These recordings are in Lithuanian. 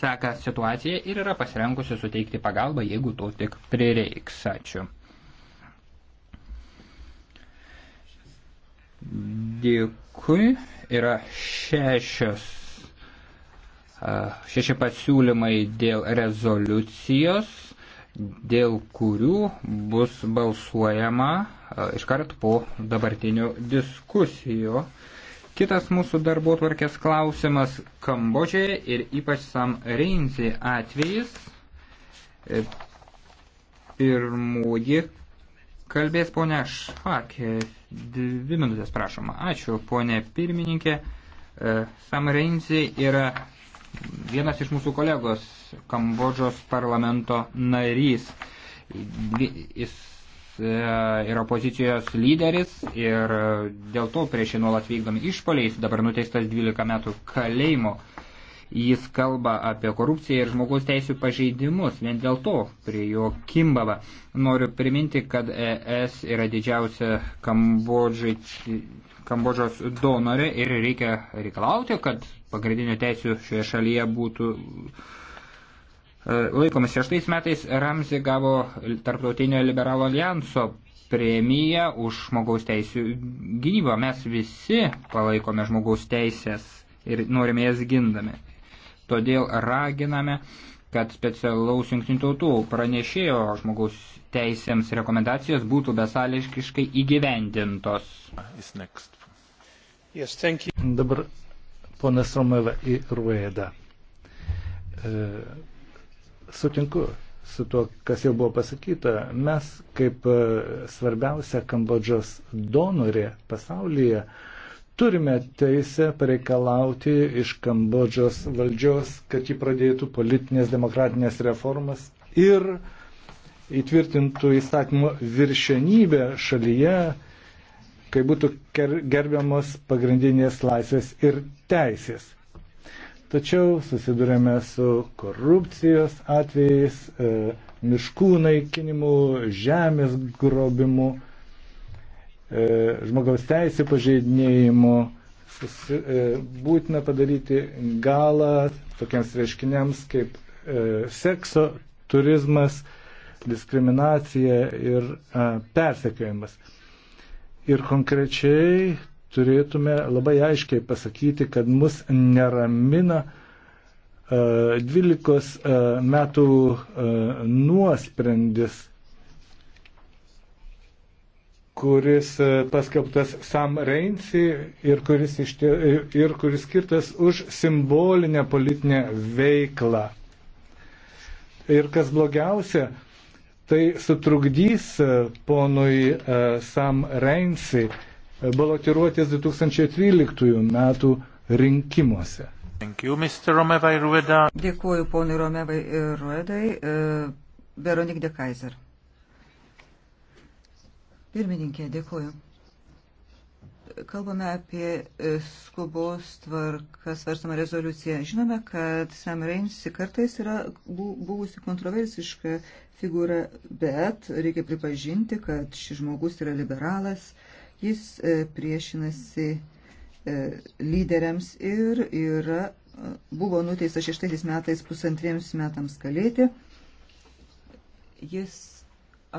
seka situaciją ir yra pasirengusi suteikti pagalbą, jeigu to tik prireiks. Ačiū. Dėkui. Yra šešios, šeši pasiūlymai dėl rezoliucijos, dėl kurių bus balsuojama iškart po dabartinių diskusijų. Kitas mūsų darbo tvarkės klausimas Kambodžėje ir ypač Sam Reinsi atvejis. E, pirmoji kalbės ponia Šakė. Dvi minutės prašoma. Ačiū, ponė pirmininkė. E, Sam Reinsi yra vienas iš mūsų kolegos Kambodžos parlamento narys. Jis yra e, opozicijos lyderis ir e, dėl to prieš jį nuolat vykdomi išpoliai, jis dabar nuteistas 12 metų kalėjimo. Jis kalba apie korupciją ir žmogaus teisų pažeidimus, vien dėl to prie jo kimbava. Noriu priminti, kad ES yra didžiausia Kambodžai, Kambodžos donorė ir reikia reikalauti, kad pagrindinių teisų šioje šalyje būtų E, Laikomis šeštais metais Ramzi gavo Tarptautinio liberalo alijanso premiją už žmogaus teisų gynybą. Mes visi palaikome žmogaus teisės ir norime jas gindami. Todėl raginame, kad specialaus jungtinių tautų pranešėjo žmogaus teisėms rekomendacijos būtų besališkiškai įgyvendintos. Yes, Dabar ponas Romeva į Ruėdą. E sutinku su tuo, kas jau buvo pasakyta. Mes kaip e, svarbiausia Kambodžos donorė pasaulyje turime teisę pareikalauti iš Kambodžos valdžios, kad ji pradėtų politinės demokratinės reformas ir įtvirtintų įstatymo viršenybę šalyje, kai būtų gerbiamos pagrindinės laisvės ir teisės. Tačiau susidurėme su korupcijos atvejais, e, miškų naikinimu, žemės grobimu, e, žmogaus teisų pažeidinėjimu. Susi, e, būtina padaryti galą tokiems reiškiniams kaip e, sekso, turizmas, diskriminacija ir e, persekiojimas. Ir konkrečiai turėtume labai aiškiai pasakyti, kad mus neramina 12 e, e, metų e, nuosprendis, kuris paskelbtas Sam Reinsi ir kuris, tie, ir kuris skirtas už simbolinę politinę veiklą. Ir kas blogiausia, tai sutrukdys ponui Sam Reinsi uh, balotiruotis 2013 metų rinkimuose. You, Dėkuoju ponui Romevai Ruedai, e, Veronik de Kaiser. Pirmininkė, dėkuoju. Kalbame apie e, skubos tvarką svarstamą rezoliuciją. Žinome, kad Sam Reinsi kartais yra buvusi kontroversiška figūra, bet reikia pripažinti, kad šis žmogus yra liberalas, uh, Jis e, priešinasi e, lyderiams ir yra, e, buvo nuteistas šeštaisiais metais pusantriems metams kalėti. Jis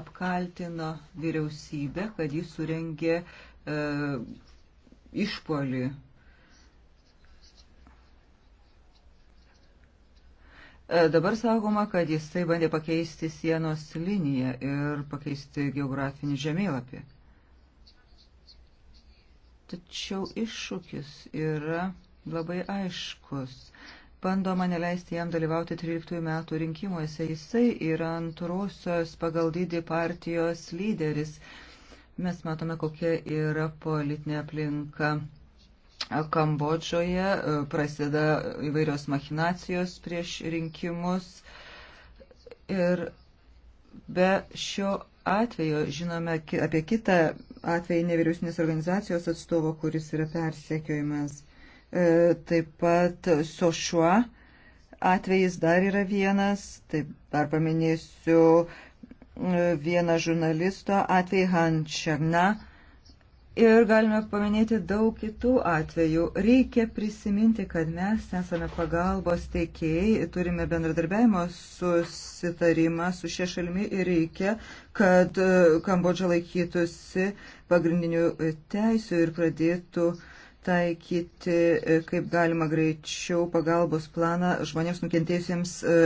apkaltino vyriausybę, kad jis surengė e, išpolį. E, dabar sakoma, kad jisai bandė pakeisti sienos liniją ir pakeisti geografinį žemėlapį. Tačiau iššūkis yra labai aiškus. Bandoma neleisti jam dalyvauti 13 metų rinkimuose. Jisai yra antrosios pagal dydį partijos lyderis. Mes matome, kokia yra politinė aplinka Kambodžoje. E, prasideda įvairios machinacijos prieš rinkimus. Ir be šio atveju žinome apie kitą atvejį nevyriausinės organizacijos atstovo, kuris yra persekiojimas. E, taip pat Sošua atvejis dar yra vienas, taip dar paminėsiu e, vieną žurnalisto atvejį Han Černa Ir galime paminėti daug kitų atvejų. Reikia prisiminti, kad mes esame pagalbos teikėjai, turime bendradarbiavimo susitarimą su šia šalimi ir reikia, kad e, Kambodža laikytųsi pagrindinių teisų ir pradėtų taikyti e, kaip galima greičiau pagalbos planą žmonėms nukentėjusiems, e,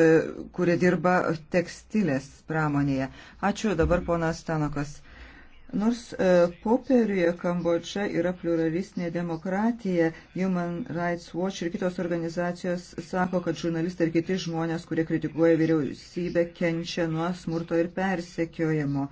kurie dirba tekstilės pramonėje. Ačiū dabar ponas Stanokas. Nors e, popieriuje Kambodža yra pluralistinė demokratija, Human Rights Watch ir kitos organizacijos sako, kad žurnalistai ir kiti žmonės, kurie kritikuoja vyriausybę, kenčia nuo smurto ir persekiojimo.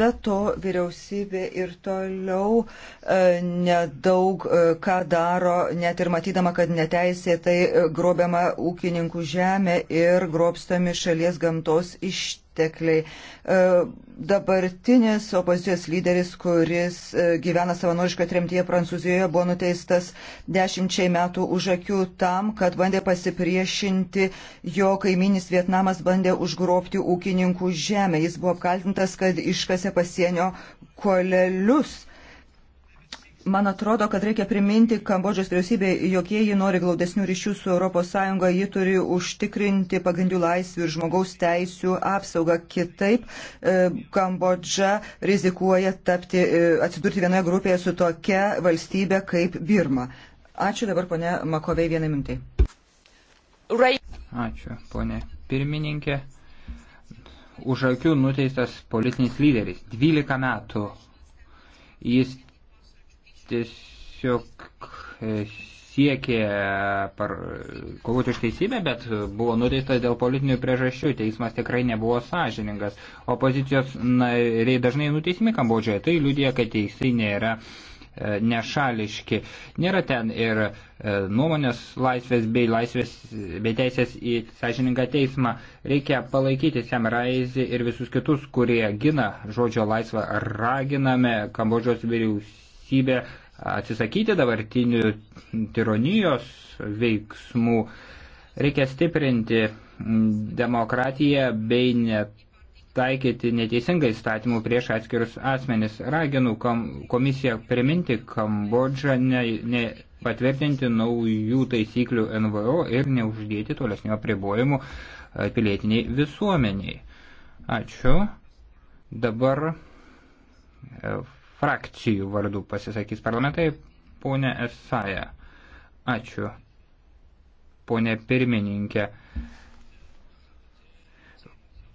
Be to, vyriausybė ir toliau e, nedaug e, ką daro, net ir matydama, kad neteisėtai e, grobiama ūkininkų žemė ir grobstami šalies gamtos ištekliai ištekliai. E, dabartinis opozicijos lyderis, kuris e, gyvena savanorišką tremtyje Prancūzijoje, buvo nuteistas dešimčiai metų už akių tam, kad bandė pasipriešinti, jo kaiminis Vietnamas bandė užgrobti ūkininkų žemę. Jis buvo apkaltintas, kad iškasė pasienio kolelius Man atrodo, kad reikia priminti Kambodžos vyriausybė, jog jei ji nori glaudesnių ryšių su ES, ji turi užtikrinti pagrindų laisvių ir žmogaus teisų apsaugą. Kitaip e, Kambodža rizikuoja tapti, e, atsidurti vienoje grupėje su tokia valstybė kaip Birma. Ačiū dabar, ponė Makovei, vieną mintį. Ačiū, ponė pirmininkė. Už akių nuteistas politinis lyderis. 12 metų. Jis tiesiog e, siekė par, kovoti už teisybę, bet buvo nuteistas dėl politinių priežasčių. Teismas tikrai nebuvo sąžiningas. Opozicijos nariai dažnai nuteisimi Kambodžioje. Tai liūdė, kad teisai nėra e, nešališki. Nėra ten ir e, nuomonės laisvės bei, laisvės, bei teisės į sąžiningą teismą. Reikia palaikyti Sem Raizį ir visus kitus, kurie gina žodžio laisvą. Raginame Kambodžos vyriausybę valstybė atsisakyti dabartinių tironijos veiksmų. Reikia stiprinti demokratiją bei net taikyti neteisingai statymų prieš atskirus asmenis. Raginu kom, komisiją priminti Kambodžą, ne, ne patvirtinti naujų taisyklių NVO ir neuždėti tolesnio apribojimų e, pilietiniai visuomeniai. Ačiū. Dabar e, frakcijų vardų pasisakys parlamentai. Pone Esaja, ačiū. Pone pirmininkė,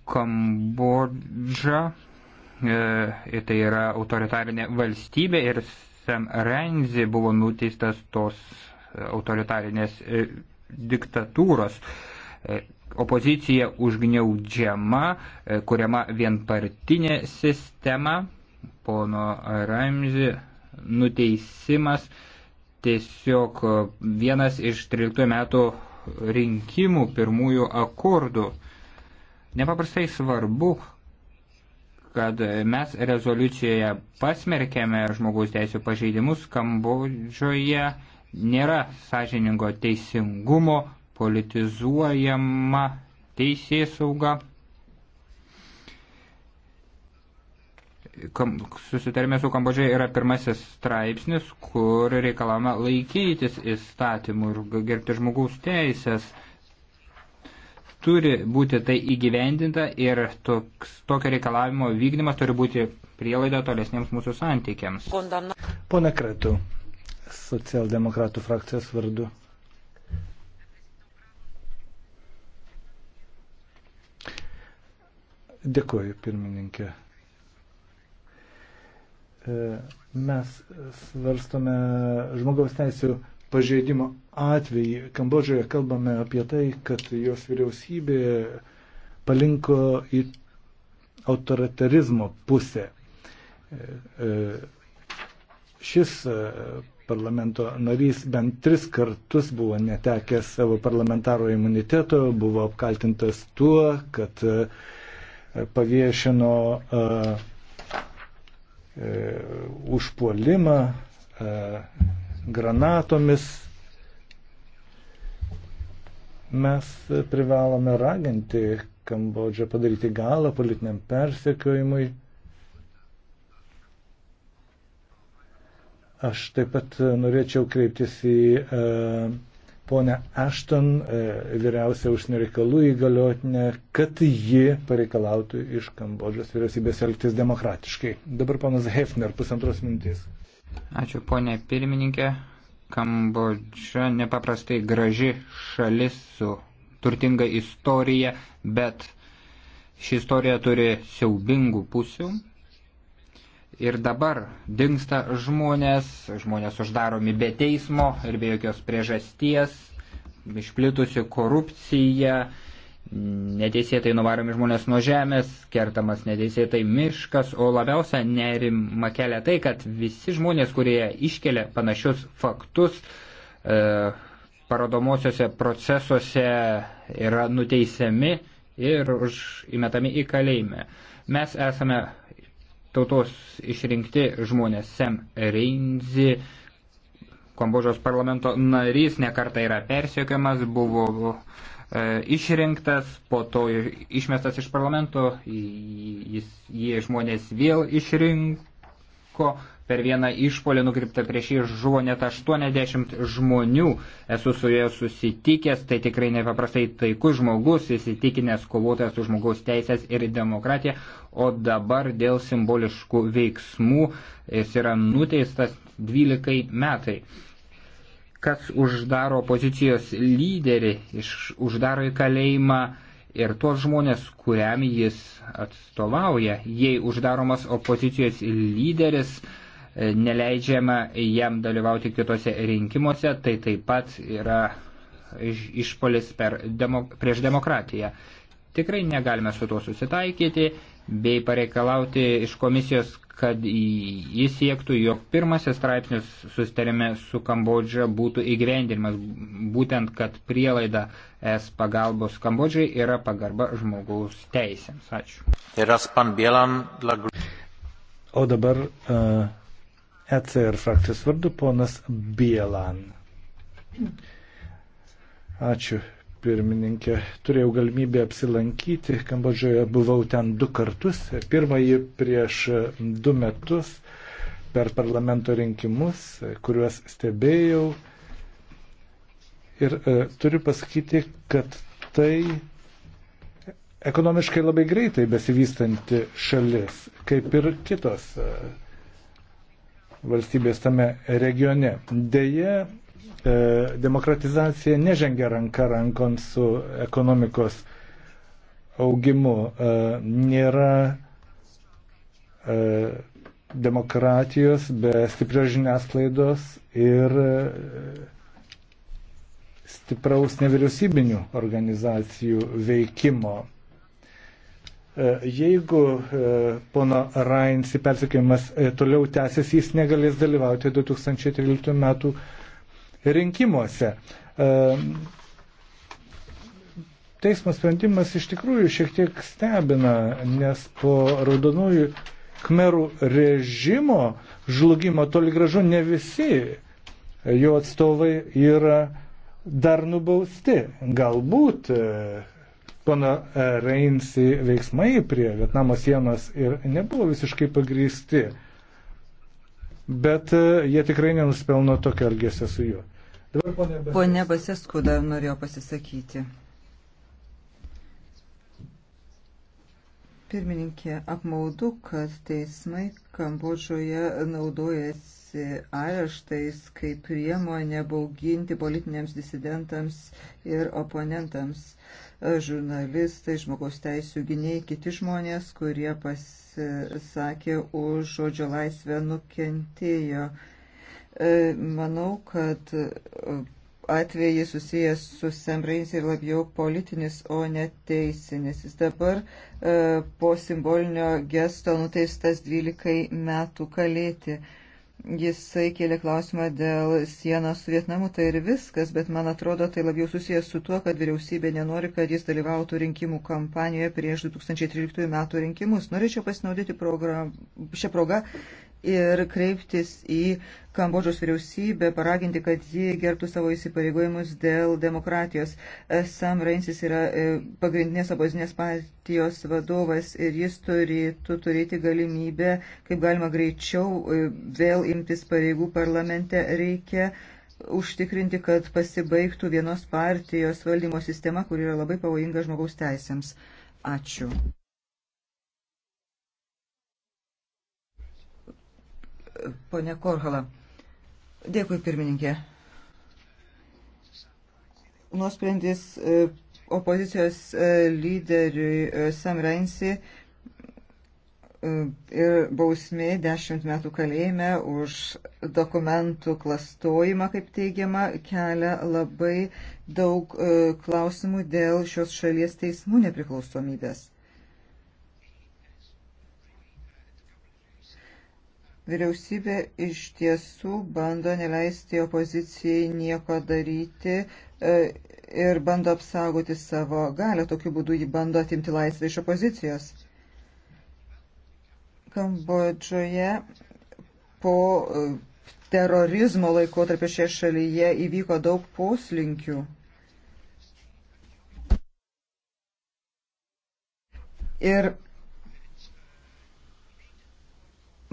Kambodža, e, tai yra autoritarinė valstybė ir Sam Renzi buvo nuteistas tos autoritarinės e, diktatūros. E, opozicija užgniaudžiama, e, kuriama vienpartinė sistema pono Ramzi nuteisimas tiesiog vienas iš 13 metų rinkimų pirmųjų akordų. Nepaprastai svarbu, kad mes rezoliucijoje pasmerkėme žmogaus teisų pažeidimus Kambodžoje, nėra sąžiningo teisingumo, politizuojama teisėsauga. kam, susitarime su Kambodžia yra pirmasis straipsnis, kur reikalama laikytis įstatymų ir gerbti žmogaus teisės. Turi būti tai įgyvendinta ir toks, tokio reikalavimo vykdymas turi būti prielaida tolesniems mūsų santykiams. Pone Kretu, socialdemokratų frakcijos vardu. Dėkuoju, pirmininkė. E, mes svarstome žmogaus teisų pažeidimo atvejį. Kambodžoje kalbame apie tai, kad jos vyriausybė palinko į autoritarizmo pusę. E, e, šis parlamento narys bent tris kartus buvo netekęs savo parlamentaro imuniteto, buvo apkaltintas tuo, kad paviešino uh, E, užpuolimą e, granatomis. Mes privalome raginti Kambodžią padaryti galą politiniam persekiojimui. Aš taip pat norėčiau kreiptis į uh, ponę Ashton, e, vyriausią užsienio reikalų įgaliotinę, kad ji pareikalautų iš Kambodžos vyriausybės elgtis demokratiškai. Dabar ponas Hefner, pusantros mintis. Ačiū ponė pirmininkė. Kambodža nepaprastai graži šalis su turtinga istorija, bet ši istorija turi siaubingų pusių ir dabar dinksta žmonės, žmonės uždaromi be teismo ir be jokios priežasties, išplitusi korupcija, neteisėtai nuvaromi žmonės nuo žemės, kertamas neteisėtai miškas, o labiausia nerima kelia tai, kad visi žmonės, kurie iškelia panašius faktus, e, parodomosiuose procesuose yra nuteisiami ir už, įmetami į kalėjimą. Mes esame tautos išrinkti žmonės Sem Reinzi, Kambožos parlamento narys, nekarta yra persiekiamas, buvo e, išrinktas, po to išmestas iš parlamento, jis, jie žmonės vėl išrinko, Per vieną išpolį nukreiptą prieš jį žuvo net 80 žmonių. Esu su juo susitikęs, tai tikrai nepaprastai taikus žmogus, įsitikinęs kovotojas už žmogaus teisės ir demokratiją, o dabar dėl simboliškų veiksmų jis yra nuteistas 12 metai. Kas uždaro opozicijos lyderį, iš, uždaro į kalėjimą ir tuos žmonės, kuriam jis atstovauja. Jei uždaromas opozicijos lyderis, neleidžiama jam dalyvauti kitose rinkimuose, tai taip pat yra išpolis per demo, prieš demokratiją. Tikrai negalime su tuo susitaikyti bei pareikalauti iš komisijos, kad jis siektų, jog pirmasis straipsnis susitarime su Kambodža būtų įgyvendinimas, būtent kad prielaida es pagalbos Kambodžai yra pagarba žmogaus teisėms. Ačiū. O dabar uh, ECR frakcijos vardu ponas Bielan. Ačiū, pirmininkė. Turėjau galimybę apsilankyti Kambodžoje, buvau ten du kartus. Pirmąjį prieš du metus per parlamento rinkimus, kuriuos stebėjau. Ir e, turiu pasakyti, kad tai ekonomiškai labai greitai besivystanti šalis, kaip ir kitos e, valstybės tame regione. Deja, e, demokratizacija nežengia ranka rankon su ekonomikos augimu. E, nėra e, demokratijos be stiprios žiniasklaidos ir stipraus nevyriausybinių organizacijų veikimo. E, jeigu e, pono Rainsi persikėjimas e, toliau tęsis, jis negalės dalyvauti 2013 metų rinkimuose. Teismo sprendimas iš tikrųjų šiek tiek stebina, nes po raudonųjų kmerų režimo žlugimo toli gražu ne visi jo atstovai yra dar nubausti. Galbūt pono e, Reinsi veiksmai prie Vietnamo sienos ir nebuvo visiškai pagrysti, bet e, jie tikrai nenuspelno tokio elgesio su juo. Dabar ponė Basesku dar norėjo pasisakyti. Pirmininkė, apmaudu, kad teismai Kambodžoje naudojasi areštais kaip priemonė bauginti politiniams disidentams ir oponentams. Uh, žurnalistai, žmogaus teisų gyniai, kiti žmonės, kurie pasisakė už žodžio laisvę nukentėjo. E, manau, kad e, atvejai susijęs su Sembrains ir labiau politinis, o ne teisinis. Jis dabar e, po simbolinio gesto nuteistas 12 metų kalėti. Jisai kėlė klausimą dėl sienos su Vietnamu, tai ir viskas, bet man atrodo, tai labiau susijęs su tuo, kad vyriausybė nenori, kad jis dalyvautų rinkimų kampanijoje prieš 2013 metų rinkimus. Norėčiau pasinaudoti program, šią progą ir kreiptis į Kambodžos vyriausybę, paraginti, kad ji gertų savo įsipareigojimus dėl demokratijos. Sam Rainsis yra e, pagrindinės opozinės partijos vadovas ir jis turėtų turėti galimybę, kaip galima greičiau, e, vėl imtis pareigų parlamente. Reikia užtikrinti, kad pasibaigtų vienos partijos valdymo sistema, kuri yra labai pavojinga žmogaus teisėms. Ačiū. ponė Korhala. Dėkui, pirmininkė. Nuosprendis e, opozicijos e, lyderiui e, Sam Rainsi ir bausmė 10 metų kalėjime už dokumentų klastojimą, kaip teigiama, kelia labai daug klausimų dėl šios šalies teismų nepriklausomybės. Vyriausybė iš tiesų bando neleisti opozicijai nieko daryti e, ir bando apsaugoti savo galę. Tokiu būdu ji bando atimti laisvę iš opozicijos. Kambodžoje po e, terorizmo laikotarpio šioje šalyje įvyko daug poslinkių. Ir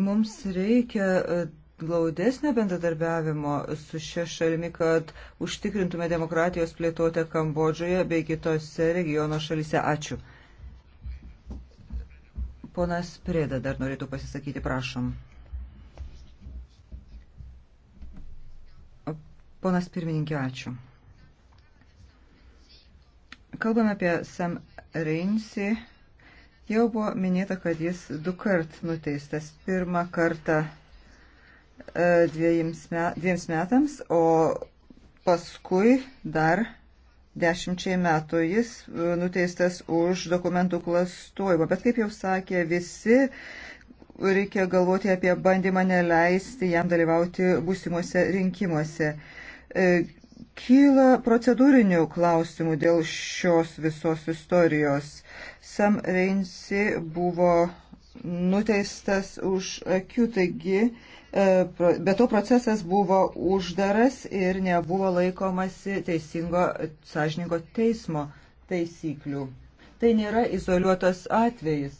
Mums reikia e, glaudesnio bendradarbiavimo su šia šalimi, kad užtikrintume demokratijos plėtotę Kambodžoje bei kitose regiono šalyse. Ačiū. Ponas Prėda dar norėtų pasisakyti, prašom. Ponas pirmininkė, ačiū. Kalbame apie Sam Reinsi Jau buvo minėta, kad jis du kart nuteistas. Pirmą kartą e, dviems, met, dviems metams, o paskui dar dešimčiai metų jis e, nuteistas už dokumentų klastojimą. Bet kaip jau sakė visi, reikia galvoti apie bandymą neleisti jam dalyvauti būsimuose rinkimuose e, Kyla procedūrinių klausimų dėl šios visos istorijos. Sam Reinsi buvo nuteistas už akių, taigi, e, bet to procesas buvo uždaras ir nebuvo laikomasi teisingo, sąžininko teismo taisyklių. Tai nėra izoliuotas atvejis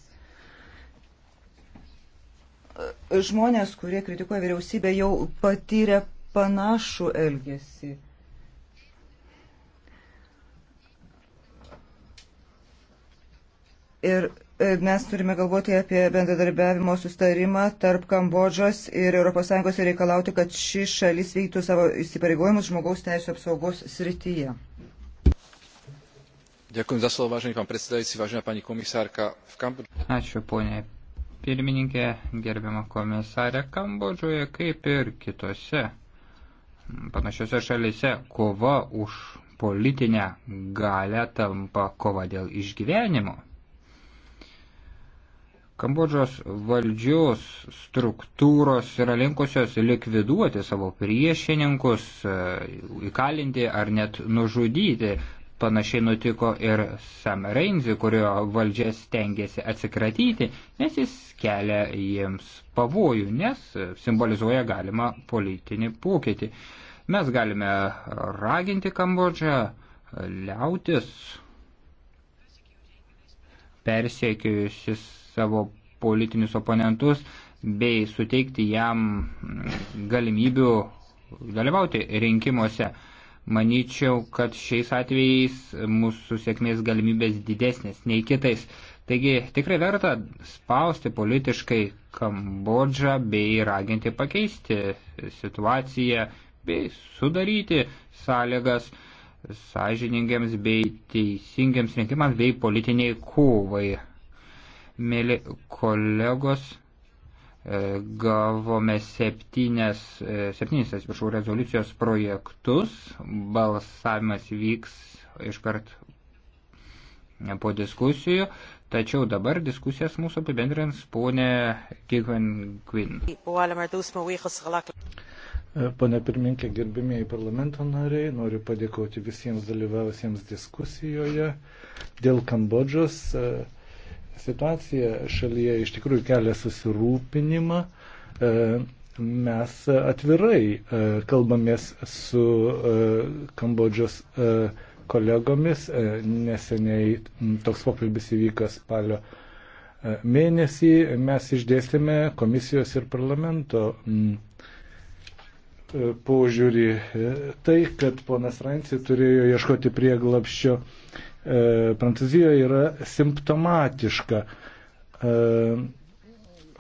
žmonės, kurie kritikuoja vyriausybę, jau patyrė panašų elgesį. Ir e, mes turime galvoti apie bendradarbiavimo sustarimą tarp Kambodžos ir ES ir reikalauti, kad ši šalis vyktų savo įsipareigojimus žmogaus teisų apsaugos srityje. Ďakujem za slovo, vážený pán predsedajúci, vážená pani komisárka. V Kambodži... Ačiū, ponė pirmininkė, gerbiama komisarė Kambodžoje, kaip ir kitose panašiose šalise, kova už politinę galę tampa kova dėl išgyvenimo. Kambodžos valdžios struktūros yra linkusios likviduoti savo priešininkus, e, įkalinti ar net nužudyti. Panašiai nutiko ir Sam Reinzi, kurio valdžia stengiasi atsikratyti, nes jis kelia jiems pavojų, nes simbolizuoja galima politinį pokytį. Mes galime raginti Kambodžą, liautis persiekiusis savo politinius oponentus bei suteikti jam galimybių dalyvauti rinkimuose. Manyčiau, kad šiais atvejais mūsų sėkmės galimybės didesnės nei kitais. Taigi tikrai verta spausti politiškai Kambodžą bei raginti pakeisti situaciją bei sudaryti sąlygas sąžiningiams bei teisingiams rinkimams bei politiniai kovai. Mėly kolegos, e, gavome septynes, e, septynis, atsiprašau, rezoliucijos projektus. Balsavimas vyks iškart po diskusijų. Tačiau dabar diskusijas mūsų apibendrins ponė Kikvin Kvin. E, Pane pirmininkė, gerbimieji parlamento nariai, noriu padėkoti visiems dalyvavusiems diskusijoje dėl Kambodžos. Uh, Situacija šalyje iš tikrųjų kelia susirūpinimą. E, mes atvirai e, kalbamės su e, Kambodžos kolegomis. Neseniai toks pokalbis įvyko spalio mėnesį. Mes išdėstėme komisijos ir parlamento požiūrį. Tai, kad ponas Ransi turėjo ieškoti prieglapščio E, Prancūzijoje yra simptomatiška. E,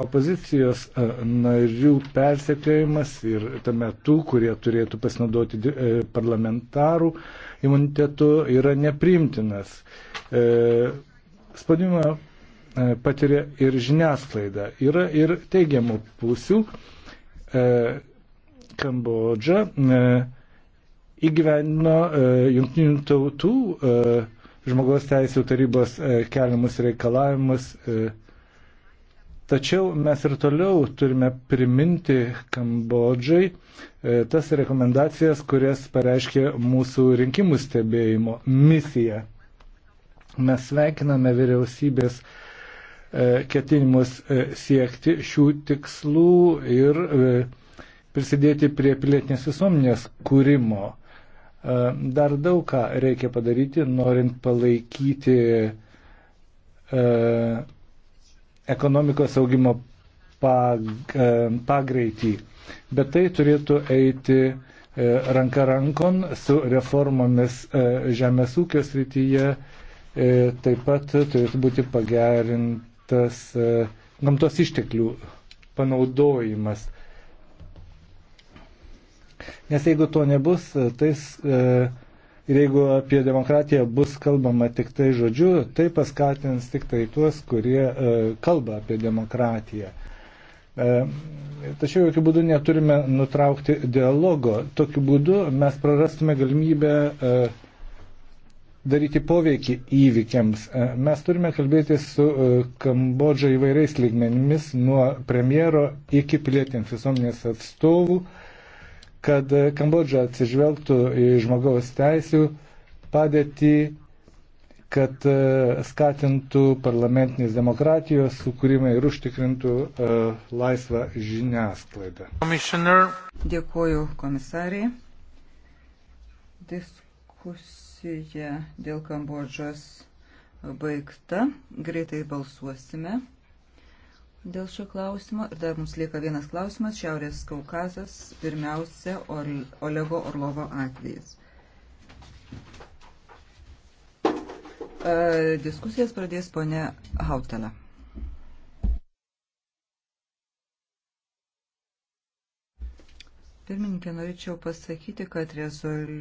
Opozicijos e, narių persekiojimas ir tame tų, kurie turėtų pasinaudoti parlamentarų imunitetu, yra neprimtinas. Spaudimą patiria ir žiniasklaida. Yra ir teigiamų pusių. Kambodža įgyvendino jungtinių tautų žmogaus teisų tarybos e, keliamus reikalavimus. E. Tačiau mes ir toliau turime priminti Kambodžai e, tas rekomendacijas, kurias pareiškė mūsų rinkimų stebėjimo misija. Mes sveikiname vyriausybės ketinimus siekti šių tikslų ir prisidėti prie pilietinės visuomenės kūrimo. E, dar daug ką reikia padaryti, norint palaikyti e, ekonomikos augimo e, pagreitį. Bet tai turėtų eiti ranka rankon su reformomis žemės ūkio srityje. Taip pat turėtų būti pagerintas gamtos išteklių panaudojimas. Nes jeigu to nebus, tais, e, ir jeigu apie demokratiją bus kalbama tik tai žodžiu, tai paskatins tik tai tuos, kurie e, kalba apie demokratiją. E, tačiau jokių būdų neturime nutraukti dialogo. Tokiu būdu mes prarastume galimybę daryti poveikį įvykiams. Mes turime kalbėti su Kambodža įvairiais lygmenimis, nuo premjero iki pilietinės visuomenės atstovų kad Kambodža atsižvelgtų į žmogaus teisų padėtį, kad e, skatintų parlamentinės demokratijos sukūrimą ir užtikrintų uh, laisvą žiniasklaidą. Dėkuoju komisariai. Diskusija dėl Kambodžos baigta. Greitai balsuosime dėl šio klausimo. Ir dar mums lieka vienas klausimas - Šiaurės Kaukazas, pirmiausia, Orl Olego Orlovo atvejis. E, diskusijas pradės ponė Hautelė. Pirmininkė, norėčiau pasakyti, kad rezoliu.